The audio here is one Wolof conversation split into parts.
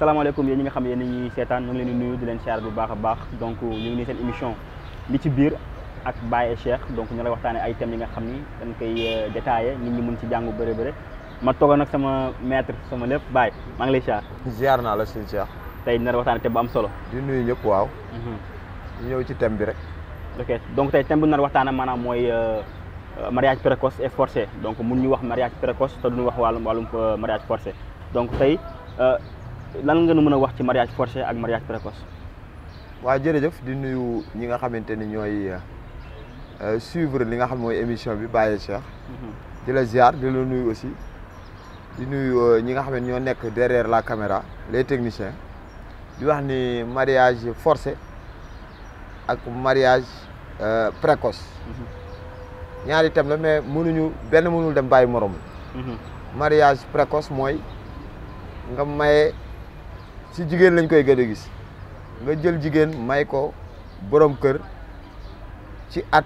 assalamualaikum yéen ñi nga xam yéen ñi sétane ñu ngi leen di nuyu di leen siyaar bu baaxa baax donc ñu ngi ni seen émission li ci biir ak Baye Cheikh donc ñu lay waxtane ay thème yi nga xam ni dañ koy euh, détaillé nit ñi mën ci jangu bëri bëri ma toogoon nak sama maître sama lepp Baye ma ngi lay siyaar. ziar na la suñu Cheikh. tay dina la waxtaanee thème bu am solo. di nuyu ñëpp waaw. hmm ñëw ci thème bi rek. ok donc tay thème bu ñu nar manam moy euh, euh, mariage précoce et forcé donc mën ñu wax mariage précoce te duñu wax walum walum mariage forcé donc tay lan nga nu mën wax ci mariage forcé ak mariage précoce waa jërëjëf di nuyu ñi nga xamanteni ñoy euh suivre li nga xam moy émission bi Baye Cheikh mhm. di la ziar di la nuyu aussi di nuyu euh, ñi nga xamanteni ño nek derrière la caméra les techniciens di wax ni mariage forcé ak mariage euh, précoce mhm. ñaari tam la mais mënuñu benn mënul dem baye morom mhm. mariage précoce moy nga maye si jigéen lañ koy gën a gis nga jël jigéen may ko borom kër ci at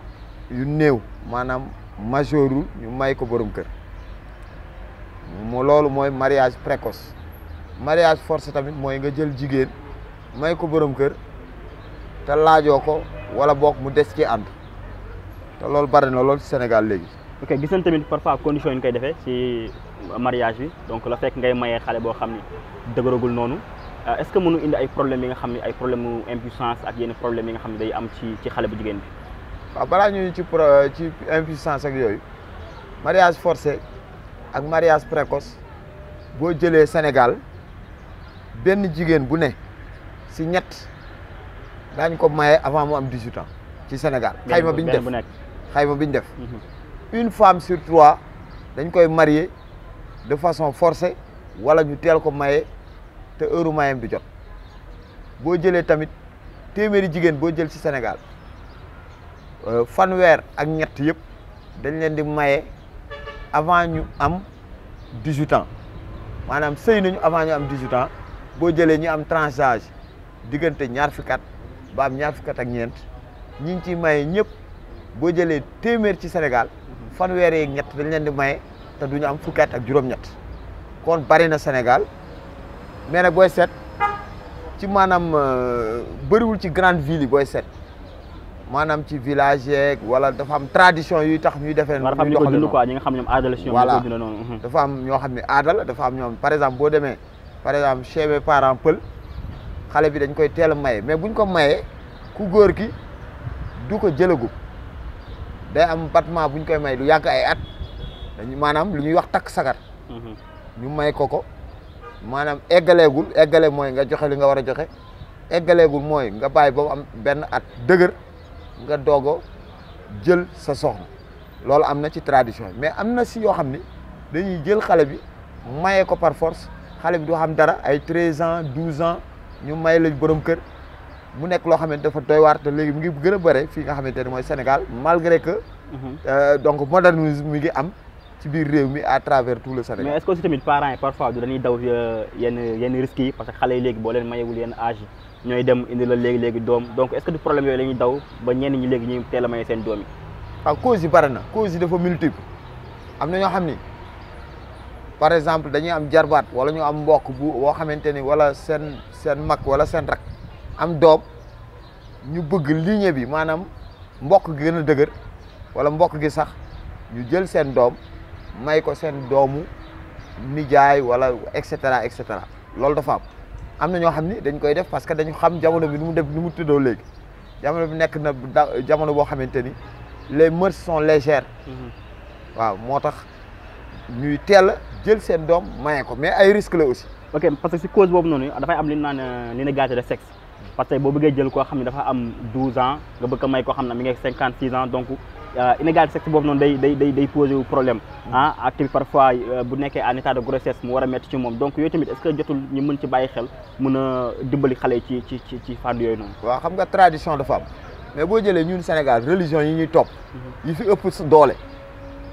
yu néew maanaam majeurul ñu may ko borom kër mu loolu mooy mariage précoce mariage force tamit mooy nga jël jigéen may ko borom kër te laajoo ko wala boog mu des ci ànd te loolu bari na lool ci Sénégal léegi. ok gis nañ tamit parfois condition yi ñu koy defee ci mariage bi donc la fekk ngay mayee xale boo xam ni dëgëragul noonu. Euh, est-ce que mënu indi ay problème yi nga xam ne ay problème mu impuissance ak yenn problème yi nga xam ne day am ci ci xale bu jigéen bi waaw balaa ñuy ci pro ci impuissance ak yooyu mariage forcé ak mariage précoce boo jëlee Sénégal benn jigéen bu ne si ñett daañ ko maye avant mu am 18 ci Sénégal xayma bi ñu def xayma bi ñu def une femme sur trois dañ koy marier de façon forcée walla ñu teel ko maye te heure mayam du jot boo jëlee tamit téeméeri jigéen boo jël ci Sénégal euh, fanweer ak ñett yëpp dañ leen di maye avant ñu am dix-huit ans maanaam sëy nañu avant ñu am dix boo jëlee ñu am tranche diggante ñaar fukki at ba am ñaar fukki ak ñeent ñi ngi ciy maye ñëpp boo jëlee téeméer ci Sénégal fanweer yi ñett dañ leen di maye te duñu am fukki ak juróom-ñett kon bari na Sénégal mais nag booy seet ci maanaam euh, bëriwul ci grande ville yi booy seet maanaam ci village yeeg wala dafa am tradition yuy tax ñuy defee. ñuy doxalee noonu quoi ñi nga xam ñoom aada la si ñoom mhm. dafa am ñoo xam ne aada la dafa am ñoom par exemple boo demee par exemple chez mes parents pël xale bi dañ koy teel a maye mais buñ ko mayee ku góor ki du ko jëlagub day am battement buñ koy may du yàgg ay at dañu maanaam lu ñuy wax takk sagar. Mhm. ñu may ko ko. maanaam eggaleegul eggale mooy nga joxe li nga war a joxe eggaleegul mooy nga bàyyi ba am benn at dëgër nga doog jël sa soxna loolu am na ci tradition mais am na si yoo xam ni dañuy jël xale bi maye ko par force xale bi du xam dara ay treize ans douze ans ñu may lañ borom kër mu nekk loo xamante dafa doy waar te léegi mu ngi gën bare fii nga xamante ne mooy Sénégal malgré que mhm. euh, donc modernisme mi ngi am ci biir réew à travers tout le Sénégal. mais est-ce que aussi tamit parents parfois du dañuy daw euh, yenn yenn risques parce que xale yi léegi boo mayewul yenn âge ñoy dem indi la légui légui dom donc est-ce que du problème yoy lañuy daw ba ñenn ñi légui ñi teel a maye seen doom yi. waaw causes yi bare na yi dafa multiple am na ñoo xam par exemple dañuy am jarbat wala ñu am mbokk bu wo xamanteni wala seen seen mak wala seen rak am dom ñu bëgg lignée bi manam mbokk gi gëna a dëgër wala mbokk gi sax ñu jël seen dom may ko seen doomu nijaay wala et cetera et cetera loolu dafa am am na dañ koy def parce que dañu xam jamono bi nu mu def nu mu tëddoo jamono bi nek na jamono bo xamante les mœurs sont légères. Mhm. waaw motax ñuy tel jël sen dom maye ko mais ay risque la aussi. ok parce que ci cause bobu nonu da fay am li nane naan euh, li ñu de sexe parce que bo bëggee jël ko xamni ne dafa am 12 ans nga bëgg a may koo xam mi ngi 56 ans donc. Euh, inégalité sexe bobu non, day day day day posé problème ah ak parfois euh, bu nekkee en état de grossesse mu wara metti ci mom donc yooyu tamit est-ce que jotul ñu mën ci baye xel mëna dimbali xalé ci ci ci ci fànn yooyu non. Wa, xam nga tradition dafa am mais bo jëlé ñun Sénégal religion yi ñuy top. Mhm. yi fi ëpp doolé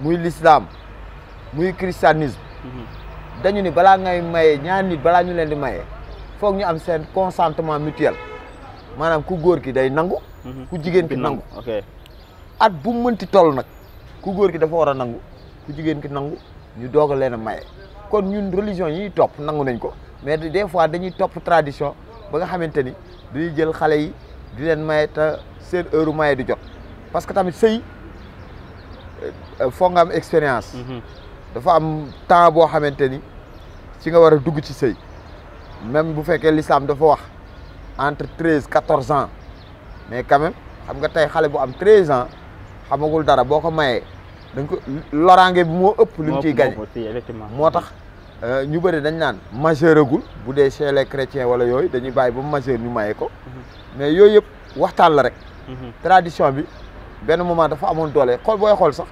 muy l'islam muy christianisme mhm. dañu ni bala ngay maye ñaar nit balaa ñu leen di maye fook ñu am sen consentement mutuel manam ku goor ki day nangu mhm. ku jigen ki nangu at bu mënti toll nak ku góor ki dafa wara nangu ku jigen ki nangu ñu dogal leena may kon ñun religion yi top nangu nañ ko mais des fois dañuy top tradition ba nga xamanteni ni dañuy jël xalé yi di leen may ta seen heure may du jot parce que tamit sey euh, euh, fo nga am experience mhm. dafa am temps bo xamanteni ci nga wara dugg ci sey même bu fekke l'islam dafa wax entre 13 14 ans mais quand même xam nga tay xalé bu am 13 ans xamagul dara boo ko mayee dañ ko loraange bi moo ëpp lu mu ciy gañ moo tax euh, ñu bëri dañ naan majeur agul bu dee chez les chrétiens wala yooyu dañuy bàyyi ba majeur ñu maye ko mhm. mais yooyu yëpp waxtaan la rek mhm. tradition bi benn moment dafa amoon doolee xool booy xool sax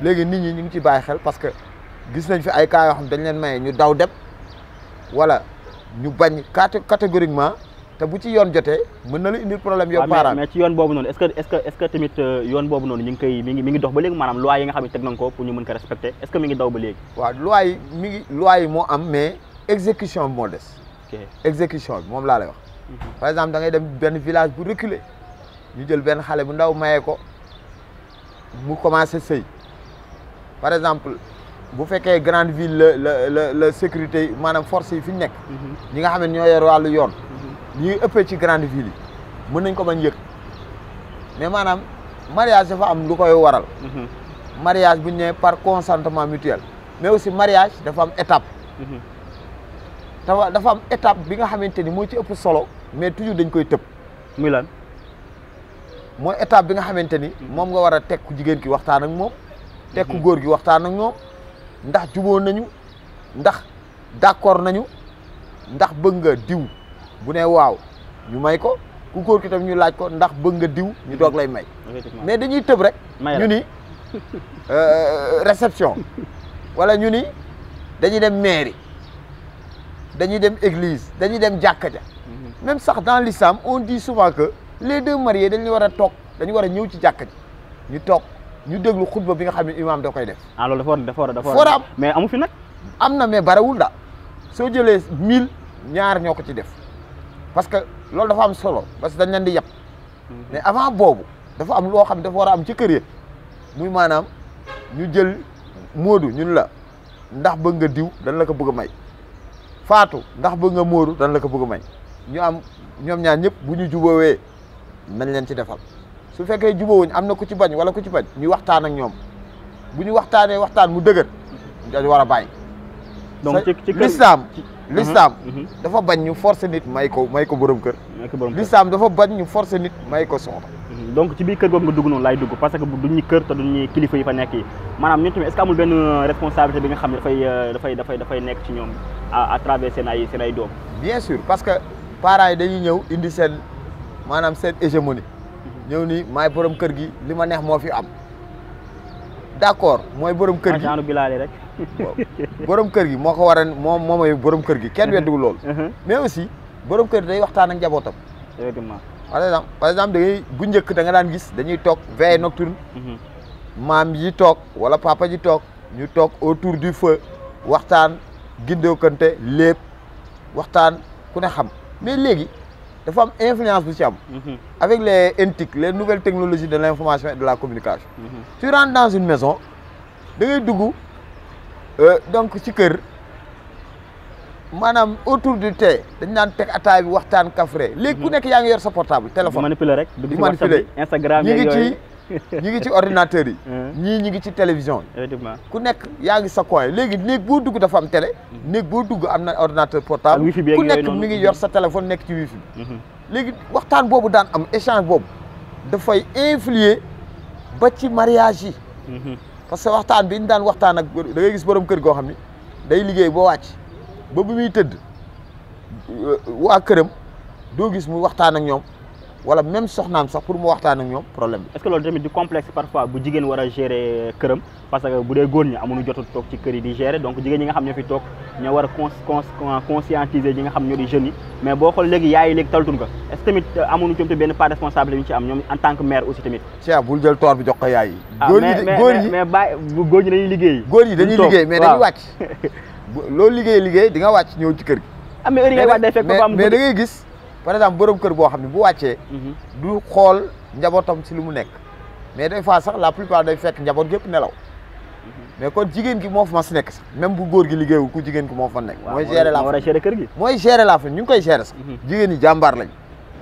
léegi nit ñi ñu ngi ci bàyyi xel parce que gis nañ fi ay cas yoo dañ leen maye ñu daw dem wala ñu bañ catégoriquement te bu ci yoon jotee mën na la indil problème yow parent mais ci yoon boobu noonu est-ce que est-ce que est-ce que tamit euh, yoon boobu noonu ñu ngi koy mi ngi mi ngi dox ba léegi maanaam loi yi nga xam ne teg nañ ko pour ñu mën ko respecter est-ce que mi ngi daw ba léegi waaw loi yi mi ngi loi yi moo am mais exécution bi moo des exécution bi moom laa lay wax mhm. par exemple da ngay dem benn village bu reculé ñu jël benn xale bu ndaw mayee ko mu commencé sëy par exemple bu fekkee grande ville la la la sécurité maanaam force yi fi ñu nekk mhm. ñi nga xam ne ñoo yor wàllu yoon ñuy ëppé ci grande ville mën nañ ko bañ yëk mais manam mariage dafa am lu koy waral. Mhm. mariage bu ñu par consentement mutuel. mais aussi mariage dafa am étape. Mhm. dafa dafa am étape bi nga xamanteni mo ci ëpp solo mais toujours dañ koy tepp muy lan mooy étape bi nga xamanteni mom mhm. nga wara a ku jigen ki waxtaan ak tek ku goor gi waxtaan ak ñom ndax juboo nañu ndax d'accord nañu ndax bëgg nga diw. bu ne waaw ñu may ko ku góor ki tam ñu laaj ko ndax bëgg nga diw ñu doog lay may mais dañuy tëb rek ñu ni euh, euh, réception wala ñu ni dañuy dem mairie dañuy dem église dañuy dem jàkka ja mhm. même sax dans l'islam on dit souvent que le deux mariés dañuy war a toog dañu war a ñëw ci jàkka ji ñu toog ñu déglu xutba bi nga xam ne imaam da koy def ah loolu dafa war a dafa war a mais amu fi nag am na mais barewul daal soo jëlee mille ñaar ñoo ko ci def parce que loolu dafa am solo parce que dañ leen di yab mhm. mais avant boobu dafa am loo xam dafa war a am ci kër ya muy maanaam ñu jël moodu ñun la ndax bëgg nga diw dañ la ko bëgg a may faatu ndax bëgg nga moodu dañ la ko bëgg a may ñu am ñoom ñaar ñëpp bu ñu wee nañ leen ci defal su fekkee jubawuñ am na ku ci bañ wala ku ci bañ ñu waxtaan ak ñoom bu ñu waxtaanee waxtaan mu dëgër mhm. dañu war a bàyyi donc ci ci Mhm. Mhm. L'islam dafa bañ ñu forcer nit may ko borom kër dafa forcer nit donc ci bi kër nga dugg parce que duñ kër te duñ ñun est-ce que amul euh, responsabilité bi nga xam à travers seen ay bien sûr parce que parents yi dañuy ñëw indi seen maanaam seen hégémonie mhm. ñëw ni may borom kër gi li neex fi am d'accord borom borom kër gi moko ko mom momay borom kër gi kenn mhm. weddiwul lool mhm. mais aussi borom kër day waxtaan ak jabotam effectivement par exemple par exemple da ngay bu njëkk da nga daan gis dañuy tok veille nocturne mam mhm. yi tok wala papa ji tok ñu tok autour du feu waxtaan gindookante lépp waxtaan ku ne xam mais léegi dafa am influence bu ci am avec les NTIC les nouvelles technologies de l'information et de la communication tu rentres dans une maison da ngay dugg euh, donc ci kër manam autour du thé dañ un atay bi mhm. sa portable téléphone. manipuler rek Instagram ni ngi ci ngi ordinateur yi. Hein? télévision ku nek yaangi sa coin légui nek dugg dafa am télé. Mhm. dugg ordinateur portable. ku nek mi sa téléphone ci wifi mhm. légui waxtan bobu am échange da fay influer ba ci mariage parce que waxtaan bi ñu daan waxtaan ak da gis borom kër goo xam ni day liggéey boo wàcc ba bu muy tëdd waa këram doo gis mu waxtaan ak ñoom wala même soxnam sax pour mu waxtaan ak ñoom problème est-ce que lolu tamit du complexe parfois bu jigen wara gérer kërëm parce que bu dee góor ñi amunu jotu tok ci kër yi di gérer donc jigen yi nga xam ñofi tok toog ñoo conscientiser yi nga xam ñoo di jeunes yi mais bo xol légui yaay léegi taltun ko est-ce que tamit amuñu tamit benn part responsable yi ci am ñom en tant que maire aussi tamit. ci bul jël toor bi jox ko yaay yi. góor ñi de góor ñi mais mais dañuy liggéey. góor yi dañuy liggéey mais dañuy wacc lo liggéey liggéey di nga wacc ñëw ci kër gi. ah mais heure yi ngay day fekk ba am mais da ngay gis par exemple borom keur bo xamni bu wacce mhm. du xol njabotam ci limu nek mais des fois sax la plupart day fekk njabot gep nelaw. Mhm. mais kon jigen gi mo fa ma si sax même bu gor gi liggéeyul ku jigen gi mo fa nek moy gérer la fa kër gi. mooy gérer la fa ñu koy gérer sax. Mhm. jigen ñi jambar lañ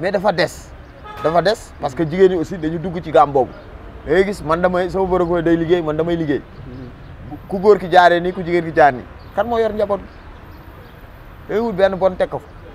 mais dafa dess dafa dess parce que jigen ñi aussi dañu dugg ci gam bobu day gis man damay sama borom day liggéey man damay liggéey. ku gor ki jaaree ni ku jigen ki jaar ni kan mo yor njabot gi. ben bon tekko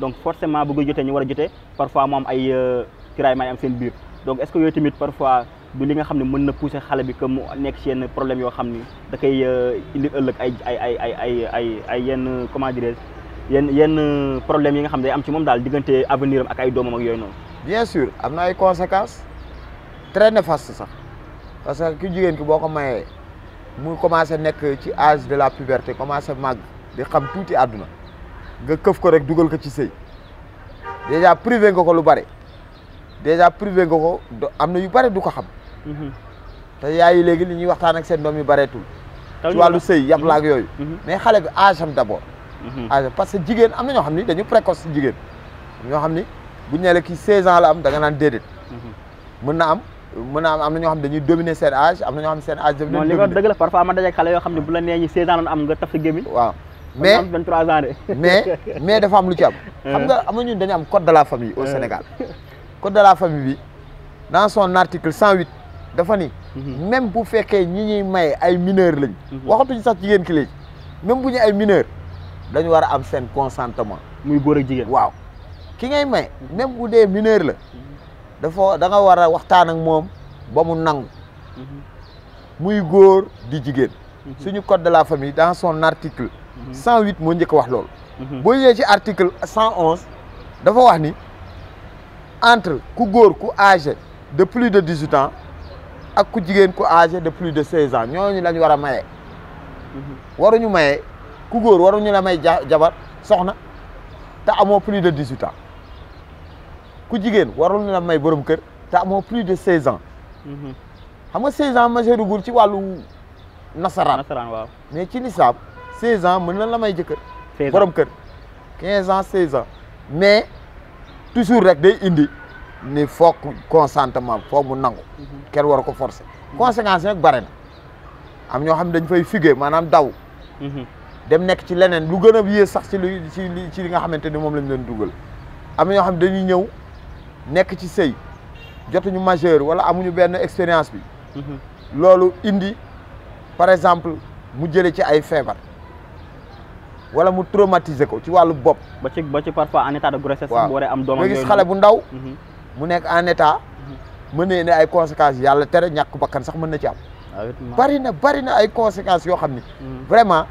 donc forcément bëgg jotee ñu wara a parfois mu am ay kiray euh, may am seen biir donc est-ce que yoy timit parfois du li nga xamni ne mën na pousser xalé bi que mu nekk ci problème yo xamni da kay euh, indi ëlëk ay ay ay ay ay ay yenn comment dire yenn yenn problème yi nga xamni day am ci mom dal digënté avenir ak ay doomam ak yoy non bien sûr amna ay conséquences très néfastes sax parce que ki jigéen ki boko mayé mu commencer nekk ci âge de la puberté commencer mag di xam touti aduna nga këf ko rek dugal ko ci sëy déjà privé nga ko lu bari déjà privé nga ko am na yu bari du ko xam mhm. te yaay li ñuy waxtaan ak seen doom yu bareetul ci wàllu sëy yab mhm. laak yooyu mhm. mais xale bi âge am d'abord âge am na ñoo xam ni dañu précoce jigéen ñoo xam ni bu ñu nee la kii 16 ans la am da nga naan déedéet mën na am mën naa am am na ñoo xam ne dañuy dominer seen am na ñoo xam ne seen âge. daf leen dominer li nga dëgg la parfois ma dajeeg xale yoo xam ne bu la nee ñu 16 ans am nga mais mais, 23 ans mais mais dafa am code de la famille au Sénégal. code de la famille dans son article 108 dafa même pour mais, mineurs lañ. mais, mais, même bu mais, ay mineurs consentement. muy mais, ak même mais, mineurs la dafa da nga mais, waxtaan ak mom, ba mu mais, code de la famille dans son article. 108 mo ñëk wax lool mhm. bo ñëwee ci article 111 dafa wax ni entre ku goor ku âgé de plus de 18 ans ak ku jigen ku âgé de plus de 16 ans ñu lañ wara mayé mhm. waru ñu mayé ku waru ñu la may jabar soxna ta amo plus de 18 ans ku waru ñu la may borom kër ta amo plus de 16 ans. Mhm. xam nga 16 ans majeurugul ci walu nasaraan. nasaraan waaw mais ci lislaam 16 ans mën na la may jëkkër. 16 borom kër 15 ans 16 ans mais toujours rek day indi ni foog consentement foog mu nangu. Mhm. kenn war ko forcer. conséquence nag bare na am ñoo xam dañ fay figuer maanaam daw. Mhm. dem nek ci leneen lu gëna wiyé sax ci lu ci ci li nga xamante ni moom lañ leen duggal am ñoo xam dañuy ñëw nek ci sëy jotuñu majeur wala amuñu benn expérience bi. Mhm. loolu indi par exemple mu jëlé ci ay fièvre wala mu traumatiser ko ci wàllu bopp. ba ci ba ci parfois en état de grossesse. waaw mu am doomam gis xale bu ndaw. Mhm. mu nekk en état. Mhm. mën na ne ay conséquences yàlla tere ñàkk bakkan sax mën na ci am. Ah, bari na bari na ay conséquence yoo xam ni. Mhm. vraiment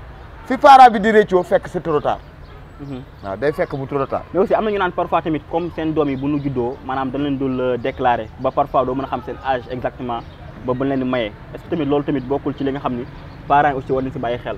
fi parent bi di réccoo fekk c'est trop tard. waaw day fekk mu trop tard. mais aussi am na ñu parfois tamit comme seen doom yi bu ñu juddoo maanaam dañ leen dul euh, déclarer ba parfois doo mën a xam seen âge exactement ba buñ leen maye est tamit loolu tamit bokkul ci li nga xam ni parents yi aussi war bàyyi xel.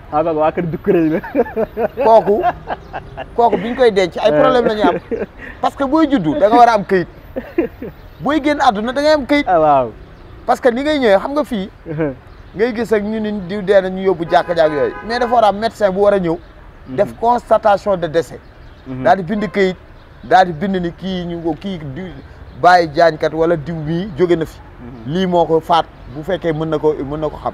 ah ba waa kër Dukkure kooku kooku bi ñu koy denc ay problème la ñu am parce que booy juddu da war a am këyit booy génn àdduna da ngay am këyit. Ah, parce que ni ngay ñëwee xam nga fii. Uh-huh. ngay gis ak ñu ni diw dee na ñu yóbbu jàkka jàkk yooyu mais dafa war a am médecin bu war a ñëw. Mm-hmm. def constatation de décès. Mm-hmm. daal di bind këyit daal di bind ni kii ñu ko kii diw bàyyi jaañkat wala diw mii jóge na fi. Mm-hmm. lii moo ko faat bu fekkee mën na ko mën na ko xam.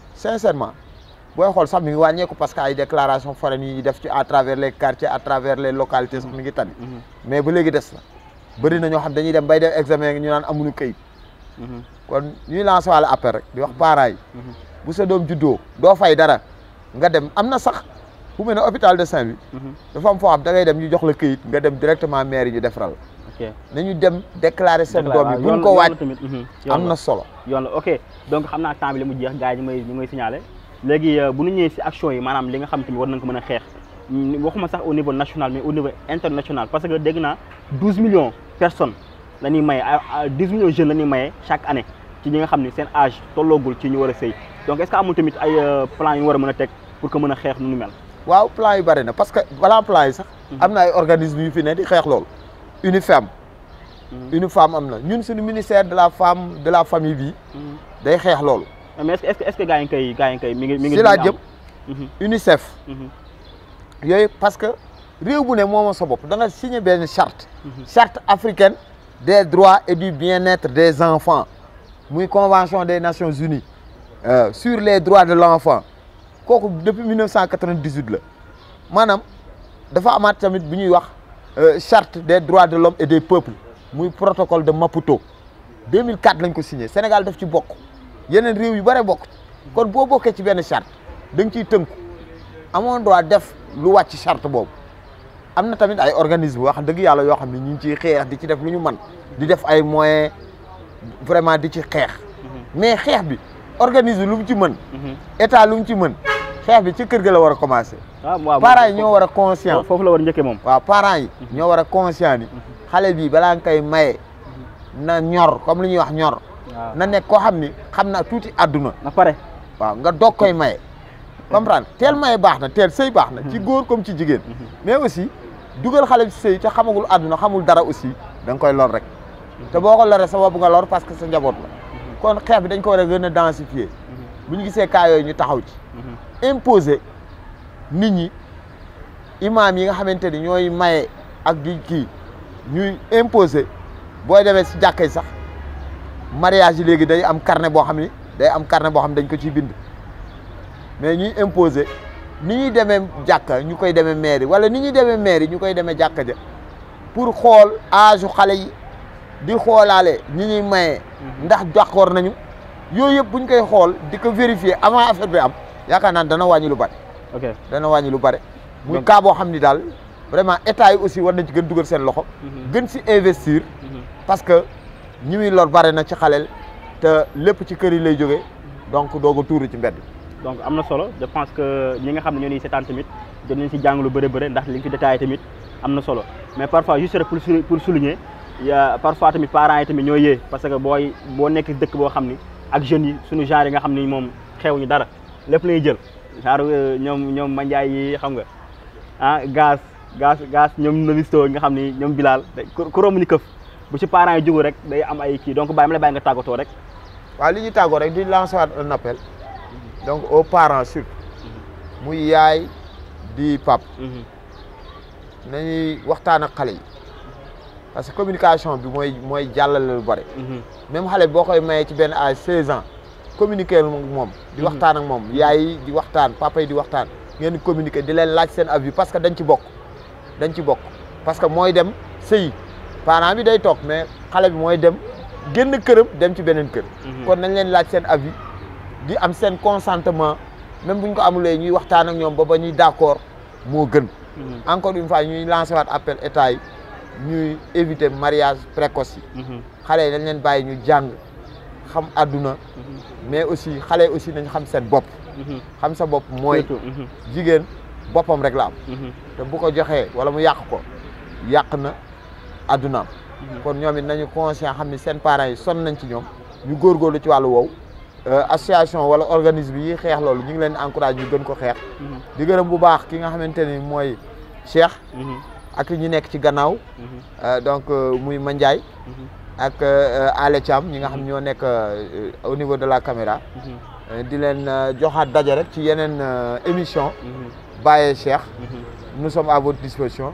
sincèrement je xol sam mi parce que ay déclaration yi à travers les quartiers à travers les localités mhm. mais vous des Vous bari na xam dañuy dem bay def examen ñu nan amuñu mhm. kon ñuy lancer wala appel rek di wax mhm. bu sa fay dara nga hôpital de Saint-Louis dafa am da ngay la mairie. nga dem directement maire ñu vous nañu dem déclarer donc xamna temps bi li mu jeex gaay ni may ni may signaler léegi euh, bu ñu ñëw ci action yi manam li nga xam tamit war nañ ko mëna a waxuma sax au niveau national mais au niveau international parce que dégg na 12 millions personnes la may 10 millions jeunes la may chaque année ci ñi nga xamni sen âge tologul ci ñu wara a donc est ce que amul tamit ay euh, plan yu wara mëna tek pour que mëna a xeex nu mel. waaw plan yu bari na parce que wala plan yi sax. Mhm. amna ay organismes yu fi ne di xeex lool une femme. Mhm. une femme amna ñun suñu ministère de la femme de la famille bi. Mhm day mais est-ce que est-ce que gars yi koy gars mi ngi mi mhm. UNICEF. Mhm. parce que vous bu ne sa signé une charte. Mhm. charte africaine des droits et du bien-être des enfants muy convention des Nations Unies euh, sur les droits de l'enfant depuis 1998 la manam dafa amat tamit wax euh, charte des droits de l'homme et des peuples le protocole de Maputo 2004 lañ ko signé Sénégal daf ci bokk. yeneen réew yu bare bokk kon boo bokkee ci benn charte da nga ciy tënku amoon droit def lu wàcc charte boobu am na tamit ay organisme wax dëgg yàlla yoo xam ne ñu ngi ciy xeex di ci def lu ñu man di def ay moyens vraiment di ci xeex mhm. mais xeex bi organisme lu mu ci mën mhm. état lu mu ci mën xeex bi ci kër ga la war a commencé ah, parents yi ñoo war a conscient foofu la war a moom waaw parents yi mhm. ñoo war a conscient ni xale bi balaa nga koy maye na ñor comme lu ñuy wax ñor na nekk koo xam ni xam naa tuuti àdduna. na pare waaw nga doog koy maye. comprendre mm-hmm. teel maye baax na teel sëy baax na. ci mm-hmm. góor comme ci jigéen. Mm-hmm. mais aussi dugal xale bi si sëy te xamagul àdduna xamul dara aussi da nga koy lor rek. te boo ko loree sa bopp nga loor parce que sa njaboot la. kon xeex bi dañ ko war a gën a densifier. bu ñu gisee cas yooyu ñu taxaw ci. imposer nit ñi imaam yi nga xamante ni ñooy maye ak di kii ñuy imposer boo demee si jàkkee sax. mariage yi léegi day am carnet boo xam ni day am carnet boo xam ne dañ ko ciy bind mais ñuy imposer ni ñuy demee jàkka ñu koy demee mairie wala ni ñuy demee mairie ñu koy demee jàkka ja pour xool âge xale yi di xoolaale ñi ñuy maye. Mhm. ndax d'accord nañu yooyu yëpp bu ñu koy xool di ko vérifier avant affaire bi am yaakaar naa dana wàññi lu bare. ok dana wàññi lu bare. muy cas boo xam ni daal vraiment état yi aussi war nañ ci gën dugal seen loxo. Mhm. gën si investir. Mhm. nous muy lor de na ci nous te lépp ci kër donc donc je pense que nous nga xam nous été en tamit de se faire. ndax mais parfois juste pour pour souligner parfois mes parents sont tamit parce que booy nekk dëkk ak jeunes yi suñu genre yi ni dara lépp les jël euh, yi xam nga ah gaz gaz gaz nga ni ku bu ci parent yi jógu rek day am ay kii donc bàyyi ma lay bàyyi rek waaw li ñuy tàggoo rek di lancer un appel donc au parents surtout mm-hmm. muy yaay di pap mm-hmm. nañuy waxtaan ak xale yi parce que communication bi mooy mooy jàllale lu bëri mm-hmm. même xale boo koy mayee ci benn âge seize ans communiquer moom di waxtaan ak moom yaay di waxtaan papa yi di waxtaan ngeen communiquer di leen laaj seen avis parce que dañ ci bokk dañ ci bokk parce que mooy dem sëy parent bi day toog mais xale bi mooy dem génn këram dem ci beneen kër. Mhm. kon nañ leen laaj seen avis di am seen consentement même bu ñu ko amulee ñuy waxtaan ak ñoom ba ba ñuy d'accord moo gën. Mhm. encore une fois ñuy lancer waat appel état yi ñuy éviter mariage précoce yi. Mhm. xale yi dañ leen bàyyi ñu jàng xam àdduna. mais aussi xale yi aussi nañ xam seen bopp. xam sa bopp mooy. jigéen boppam rek la am. te bu ko joxee wala mu yàq ko yàq na. aduna kon ñoom it nañu conscient xam ne seen parents yi sonn nañ ci ñoom ñu góorgóorlu ci wàllu wow euh, association wala organisme yi xeex loolu ñu ngi leen encourage ñu gën ko xeex mm-hmm. di gërëm bu baax ki nga xamante ni mooy Cheikh mm-hmm. ak ñi nekk ci gannaaw mm-hmm. euh, donc euh, muy Mandiaye ak Ale Thiam ñi nga xam ñoo nekk au niveau de la caméra di leen joxaat daje rek ci yeneen émission Baye Cheikh nous sommes à votre disposition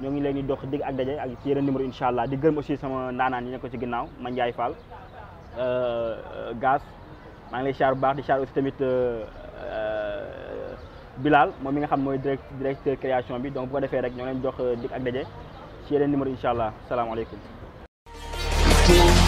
ñoo ngi leen di dox dig ak dajé ak ci yeneen numéro inshallah di gërëm aussi sama nanan yi nekk ci ginnaw man Ndiaye Fall euh, euh gas ma ngi lay char bu baax di char aussi tamit euh, euh Bilal moom mi nga xam mooy direct directeur création bi donc bu ko défé rek ñoo leen dox euh, dig ak dajé ci yeneen numéro inshallah assalamu incha allah salaamaaleykum.